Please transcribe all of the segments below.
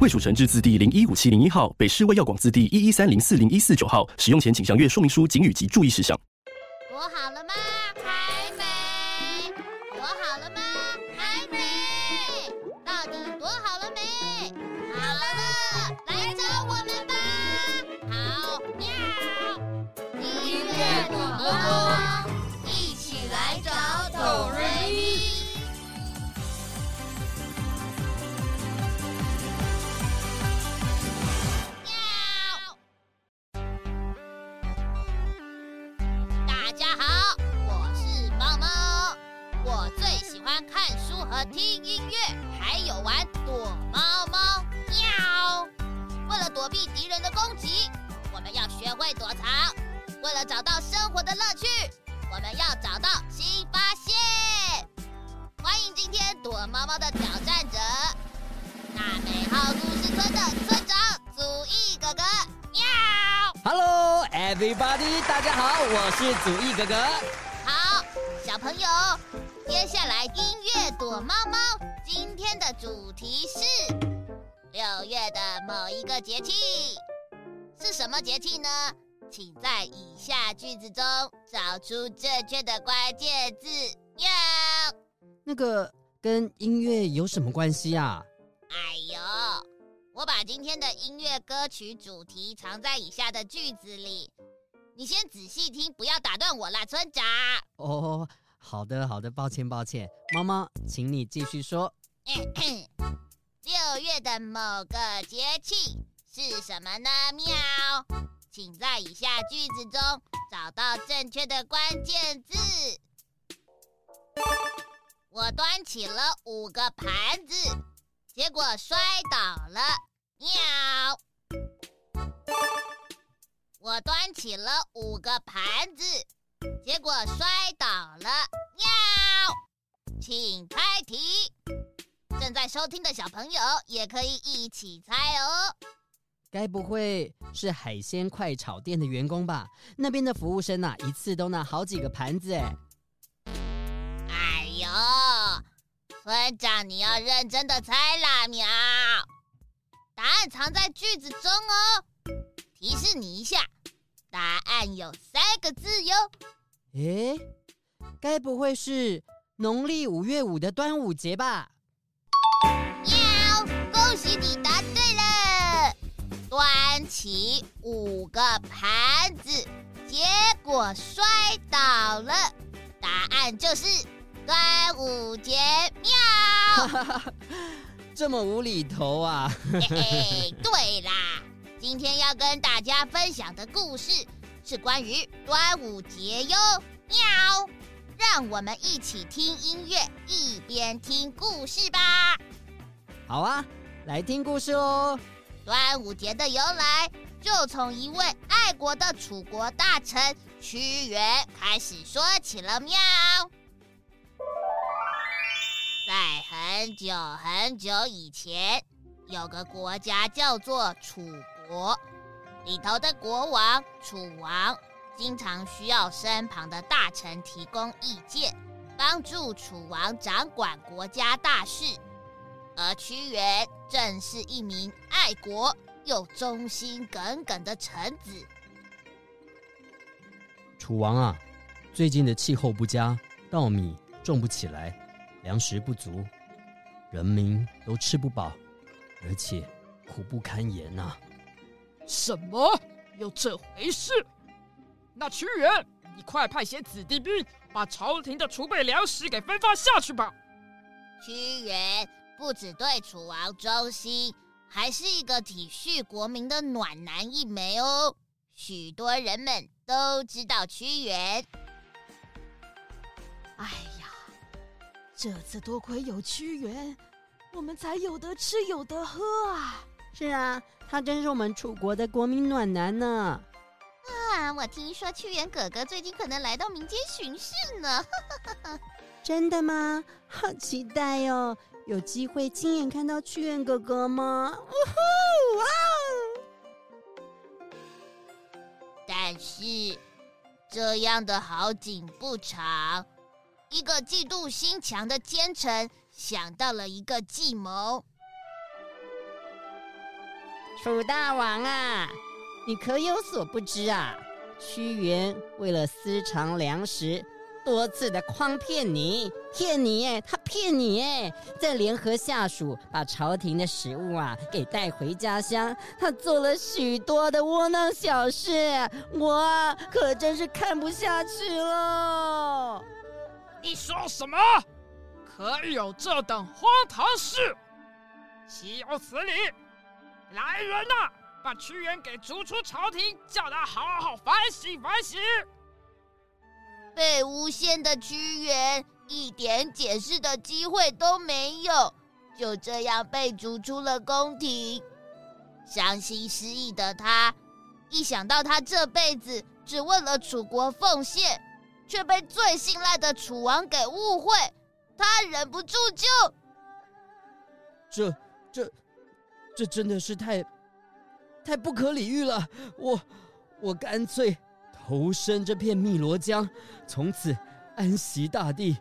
衛署成字第零一五七零一號，北市衛藥廣字第一幺三零四零一四九號，使用前請詳閱說明書、警語及注意事項。躲好了嗎？還沒。躲好了嗎？還沒。到底躲好了沒？好了，好了，來找我們吧。好，喵。音樂。聽音樂，還有玩躲貓貓。喵！為了躲避敵人的攻擊，我們要學會躲藏；為了找到生活的樂趣，我們要找到新發現。歡迎今天躲貓貓的挑戰者——那美好故事村的村長祖逸哥哥。喵！Hello, everybody！大家好，我是祖逸哥哥。好，小朋友。接下來音樂躲貓貓，今天的主題是六月的某一個節氣，是什麼節氣呢？請在以下句子中找出正確的關鍵字。呀、yeah!，那個跟音樂有什麼關係啊？哎呦，我把今天的音樂歌曲主題藏在以下的句子裡，你先仔細聽，不要打斷我啦，村長。哦、oh.。好的，好的，抱歉，抱歉，媽媽，請你繼續說。六月的某個節氣是什麼呢？喵，請在以下句子中找到正確的關鍵字。我端起了五個盤子，結果摔倒了。喵，我端起了五個盤子。結果摔倒了，喵！請猜題。正在收聽的小朋友也可以一起猜哦！該不會是海鮮快炒店的員工吧？那邊的服務生吶、啊，一次都拿好幾個盤子哎。哎呦，村長你要認真的猜啦，喵！答案藏在句子中哦，提示你一下。答案有三個字喲，誒，該不會是農曆五月五的端午節吧？喵，恭喜你答對了！端起五個盤子，結果摔倒了，答案就是端午節喵， 這麼無厘頭啊！嘿 對啦。今天要跟大家分享的故事是關於端午節喲，喵。讓我們一起聽音樂，一邊聽故事吧。好啊，來聽故事嘍。端午節的由來就從一位愛國的楚國大臣屈原開始說起了喵。在很久很久以前，有個國家叫做楚。國裡頭的國王楚王，經常需要身旁的大臣提供意見，幫助楚王掌管國家大事。而屈原正是一名愛國又忠心耿耿的臣子。楚王啊，最近的氣候不佳，稻米種不起來，糧食不足，人民都吃不飽，而且苦不堪言啊。什麼？有這回事？那屈原，你快派些子弟兵把朝廷的儲備糧食給分發下去吧。屈原不止對楚王忠心，還是一個體恤國民的暖男一枚哦。許多人們都知道屈原。哎呀，這次多虧有屈原，我們才有得吃有得喝啊！是啊。他真是我們楚國的國民暖男呢！啊，我聽說屈原哥哥最近可能來到民間巡視呢， 真的嗎？好期待哦，有機會親眼看到屈原哥哥嗎？嗚、哦啊、但是這樣的好景不長，一個嫉妒心強的奸臣想到了一個計謀。楚大王啊，你可有所不知啊！屈原為了私藏糧食，多次的誆騙你，騙你，哎，他騙你，哎，再聯合下屬把朝廷的食物啊給帶回家鄉，他做了許多的窩囊小事，我可真是看不下去了。你說什麼？可有這等荒唐事？豈有此理！來人吶、啊！把屈原給逐出朝廷，叫他好好反省反省。被誣陷的屈原一點解釋的機會都沒有，就這樣被逐出了宮廷。傷心失意的他，一想到他這輩子只為了楚國奉獻，卻被最信賴的楚王給誤會，他忍不住就……這這。這真的是太，太不可理喻了！我，我乾脆投身這片汨羅江，從此安息大地，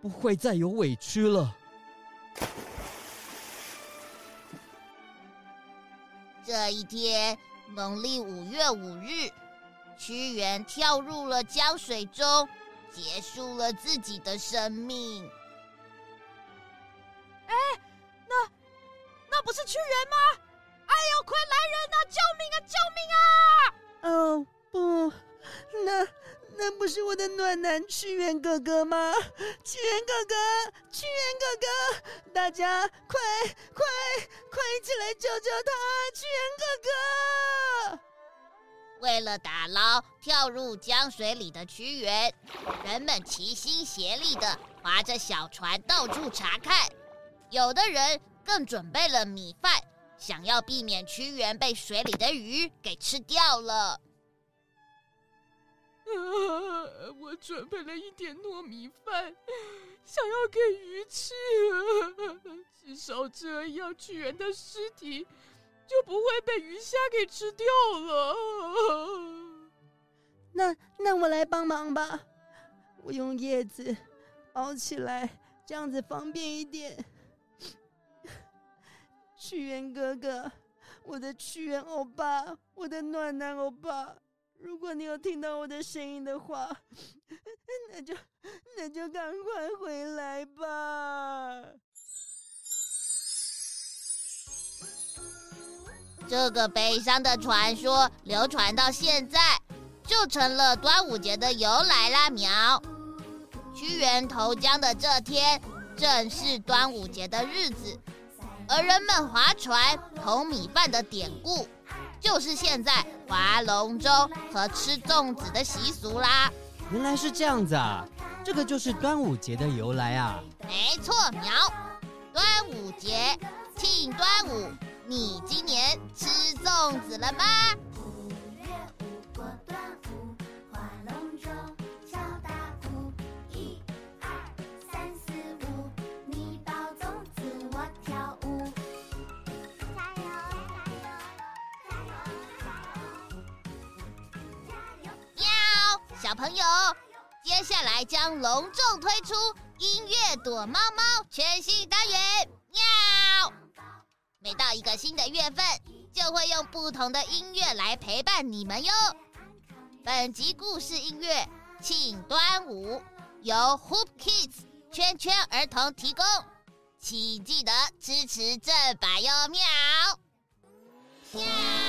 不會再有委屈了。這一天，農曆五月五日，屈原跳入了江水中，結束了自己的生命。是屈原嗎？哎呦，快來人呐、啊！救命啊！救命啊！哦不，那那不是我的暖男屈原哥哥嗎？屈原哥哥，屈原哥哥，大家快快快，快一起來救救他！屈原哥哥，為了打撈跳入江水裡的屈原，人們齊心協力的划着小船到處查看，有的人。更準備了米飯，想要避免屈原被水裡的魚給吃掉了。啊，我準備了一點糯米飯，想要給魚吃，至少這樣屈原的屍體就不會被魚蝦給吃掉了。那那我來幫忙吧，我用葉子包起來，這樣子方便一點。屈原哥哥，我的屈原歐巴，我的暖男歐巴，如果你有聽到我的聲音的話，那就那就趕快回來吧。這個悲傷的傳說流傳到現在，就成了端午節的由來啦。喵，屈原投江的這天，正是端午節的日子。而人們划船、投米飯的典故，就是現在划龍舟和吃粽子的習俗啦。原來是這樣子啊，這個就是端午節的由來啊。沒錯，苗，端午節，慶端午，你今年吃粽子了嗎？小朋友，接下來將隆重推出音樂躲貓貓全新單元，喵！每到一個新的月份，就會用不同的音樂來陪伴你們喲。本集故事音樂《慶端午》由 Hoop Kids 圈圈兒童提供，請記得支持正版喲，喵！喵。